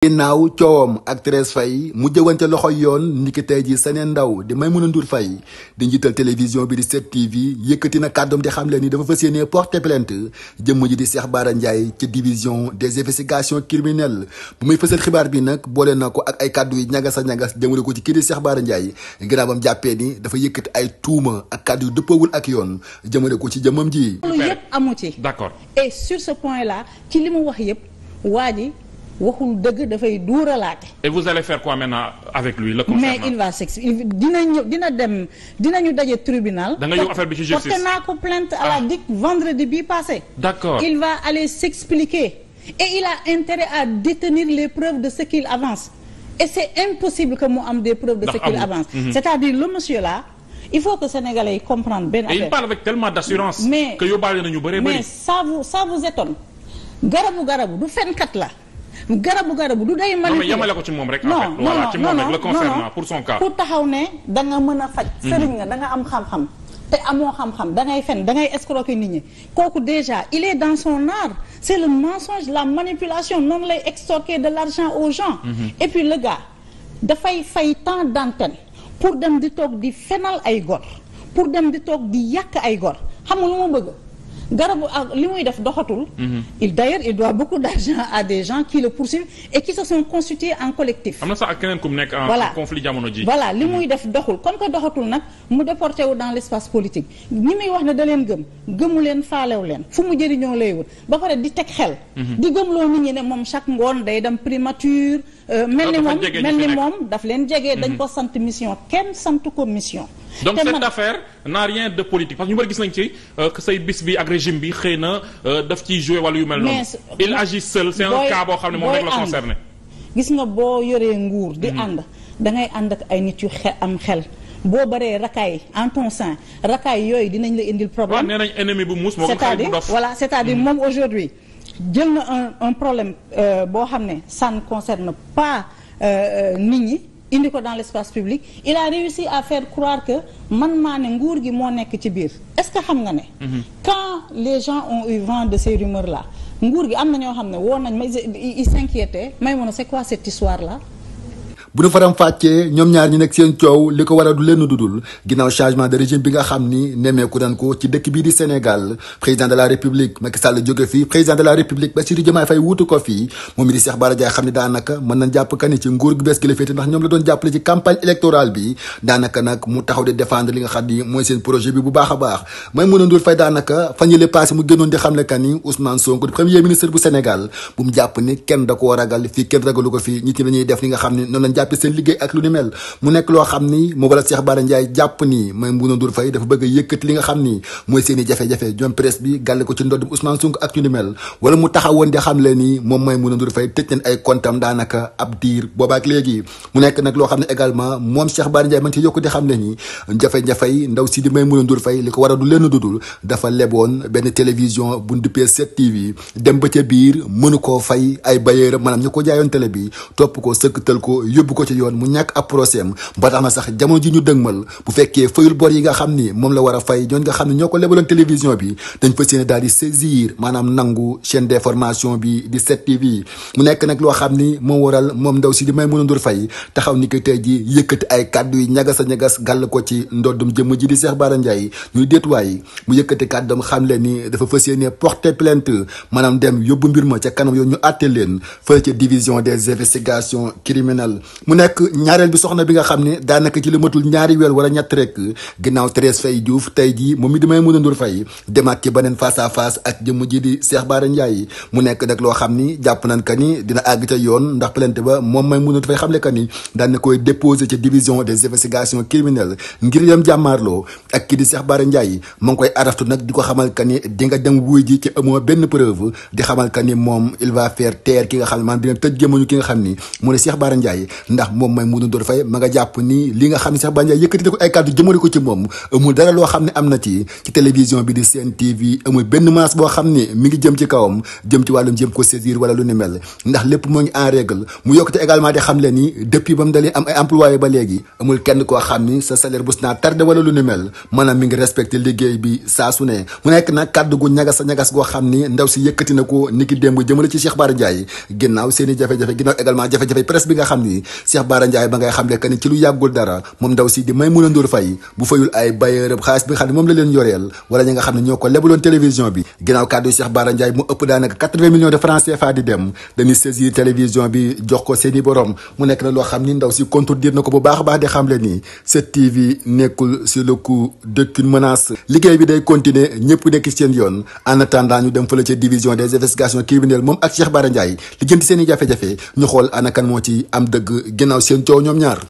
ginnaaw coowam ak Thérèse Faye mu jëwante loxoy yoon niki tey ji seneen ndaw di may Maimouna Ndour Faye di njiital télévision bi di 7TV yëkkati na kàddoom di xam leen ni dafa fas yéene porter plainte jëmm ji di Cheikh Bara Ndiaye ci division des investigations criminelles bu muy fësal xibaar bi nag boole na ko ak ay kàddu yi ñagas a ñagas jëmale ko ci kii di Cheikh Bara Ndiaye ginnaaw bam jàppee ni dafa yëkkati ay tuuma ak kàddu yu dëppoowul ak yoon jëmale ko ci jëmmam ji. loolu yëpp amu ci. d'accord et li mu wax yëpp waa ji waxul dëgg dafay duuralaate. et vous allez faire quoi maintenant avec lui le concernant mais il va dina ñëw dina dem dinañu daje tribunal. da affaire bi ci naa ko plainte à la ah. DIC vendredi bii passé. d'accord il va aller s'expliquer et il a intérêt à détenir les preuves de ce qu'il avance et c'est impossible que mu am des preuves de ce qu'il avance mhm. c'est-à-dire le monsieur là il faut que sénégalais yi comprendre benn affaire et mais que yóbbaale nañu bëree bëri mais ça vous ça vous étonne garabu garabu du la garabu garabu du day. manipulé non mais yemale ko ci moom rek. non non non ci moom le concernant pour son cas. taxaw ne da nga mën a faj. Mhm. sëriñ da nga am xam te amoo xam-xam da ngay fen da ngay escroquer nit kooku déjà il est son art c'est le mensonge la manipulation noonu lay extorquer de l'argent aux gens. Mhm. et puis le gars dafay fay temps d'antenne pour dem di toog di fenal ay gor pour dem di toog di yàq ay gor xam nga lu ma bëgg. garabu ak li muy def doxatul. Mhm. il d'ailleurs il doit beaucoup d'argent à des gens qui le poursuivent et qui se sont constitués en collectif. am na sax ak keneen ku mu nekk en conflit jamono ji. voilà li mhm. muy def doxul comme que doxatul nag mu déporté wu dans l'espace politique ni muy wax ne da leen gëm gëmu leen faalew leen fu mu jëriñoo lay wut ba pare di teg xel. Mhm. di loo nit ñi ne moom chaque ngoon day dem primature. Euh, mel ni moom mel ni moom daf leen jege dañ ko sant mission kenn sant ko mission. donc cette man... affaire n'a rien de politique parce que ñu bëri gis nañ ci euh, que say bis bi ak régime bi xëy na euh, daf ci joué wala yu mel noonu. il agit seul c'est un boo xam ne moom rek la concerné. gis nga boo yoree nguur di mm. ànd da ngay ànd ak ay nit yu xe am xel. boo baree rakaay en ton sein rakaay yooyu dinañ la indil problème. waaw nee nañ ennemi bu muus moo gën xarit bu dof voilà c'est-à-dire mm. moom aujourd'hui jël na un un problème euh, boo xam ne ça ne concerne pas nit ñi. indi ko dans l'espace public il a réussi à faire croire que man maa ne nguur gi moo nekk ci biir est-ce que xam nga ne mhm. quand les gens ont eu vent de ces rumeurs là nguur gi am na ñoo xam ne woo nañ ma ils s'inquiétaient may mun a c'est quoi cette histoire la bu ñu faram-fàccee ñoom ñaar ñi nekk seen coow li ko waral du lenn dudul ginnaaw changement de régime bi nga xam ni nemmeeku nan ko ci dëkk bii di Sénégal président de la république Macky Sall jóge fii président de la république Bassirou Diomaye Faye wuutu ko fii mu taxaw bu baax a may mën a ndur fay daanaka fan yële passé mu génnoon di xam ne ka ni Ousmane Sonko di premier ministre bu Sénégal bu mu jàpp ni kenn da koo ragal fii kenn ragalu ko jàppee seen liggéey ak lu ni mel mu nekk loo xam ni mu wala Cheikh Bara Ndiaye jàpp nii mooy Mbouna Ndour Faye dafa bëgg a yëkkati li nga xam nii mooy Mbouna jafe-jafe yi ndaw si di may Mbouna Ndour Faye li ko war a du lenn dudul dafa leboon benn télévision bu ñu duppee tv dem ba ca biir mënu koo fay ay bayeeram maanaam ñu ko jaayoon télé bi topp ko sëkkatal ko yóbbu yóbbu ko ci yoon mu ñàkk ab procès am ba tax na sax jamono ji ñu dëgmal bu fekkee fayul bor yi nga xam ni moom la war a fay ñooñ nga xam ne ñoo ko lebaloon télévision bi dañ fa séene daal di saisir maanaam nangu chaîne d'information bi di 7TV mu nekk nag loo xam ni moo waral moom ndaw si di may mën a ndur fay taxaw ni ki tey ji yëkkati ay kàddu yi ñagas a ñagas gàll ko ci ndoddum jëmm ji di Cheikh Bara Ndiaye ñuy déetuwaay mu yëkkati kàddam xam le ni dafa fas yéene porter plainte maanaam dem yóbbu mbir ma ca kanam yoon ñu àtte leen fële ca division des investigations criminelles mu nekk ñaareel bi soxna bi nga xam ne daanaka ci li matul ñaari weer wala ñett rek ginnaaw Thérèse Faye Diouf tey jii moom mi damay mën a ndur fay demaat ci beneen face à face ak ji di Cheikh Bara Ndiaye mu nekk nag loo xam ni jàpp nañ ka ni dina àgg yoon ndax plainte ba moom may mën a fay xamle ka ni daan na koy déposé ca division des investigations criminelles ngir dem jàmmaarloo ak kii di Cheikh Bara Ndiaye mu ngi koy araftu nag di ko xamal ka ni di nga dem wuy ji ci amoo benn preuve di xamal ka ni moom il va faire taire ki nga xam ne maanaam dina tëj gémmañu ki nga xam ni mu ne Cheikh Bara Ndiaye ndax moom may Munu door Faye ma nga jàpp nii li nga xam ne sax Ba Ndiaye yëkkati na ko ay kàddu jëmale ko ci moom amul dara loo xam ne am na ci ci télévision bi di Sen TV amul benn menace boo xam ni mi ngi jëm ci kawam jëm ci wàllum jëm ko saisir wala lu ni mel ndax lépp mu ngi en règle mu yokkute également di xam leen ni depuis ba mu dalee am ay employé ba léegi amul kenn ko xam ni sa salaire bus naa tardé wala lu ni mel maanaam mi ngi respecté liggéey bi saa su ne mu nekk nag kàddu gu ñagas a ñagas goo xam ni ndaw si yëkkati na ko ni ki démb jëmale ci Cheikh Bara Ndiaye ginnaaw seen i jafe-jafe ginnaaw également jafe-jafe xam ni Cheikh Bara Ndiaye ba ngay xam ne que ni ci lu yàggul dara moom ndaw si di Maimouna Ndour Faye bu fayul ay bailleur xaalis bi nga xam ne moom la leen yoreel wala ñi nga xam ne ñoo ko lebaloon télévision bi ginnaaw kàddu Cheikh Bara Ndiaye mu ëpp daanaka 80 millions de francs CFA di dem dañuy saisir télévision bi jox ko seeni borom mu nekk na loo xam ni ndaw si contredire na ko bu baax a baax di xam le nii cette TV nekkul sur le coup d'aucune menace bi day continuer ñëpp nekk seen yoon en attendant ñu dem fële ca division des investigations criminelles moom ak Cheikh Bara Ndiaye li jënti seen i jafe-jafe ñu xool ci am dëgg ginnaaw seen coow ñoom ñaar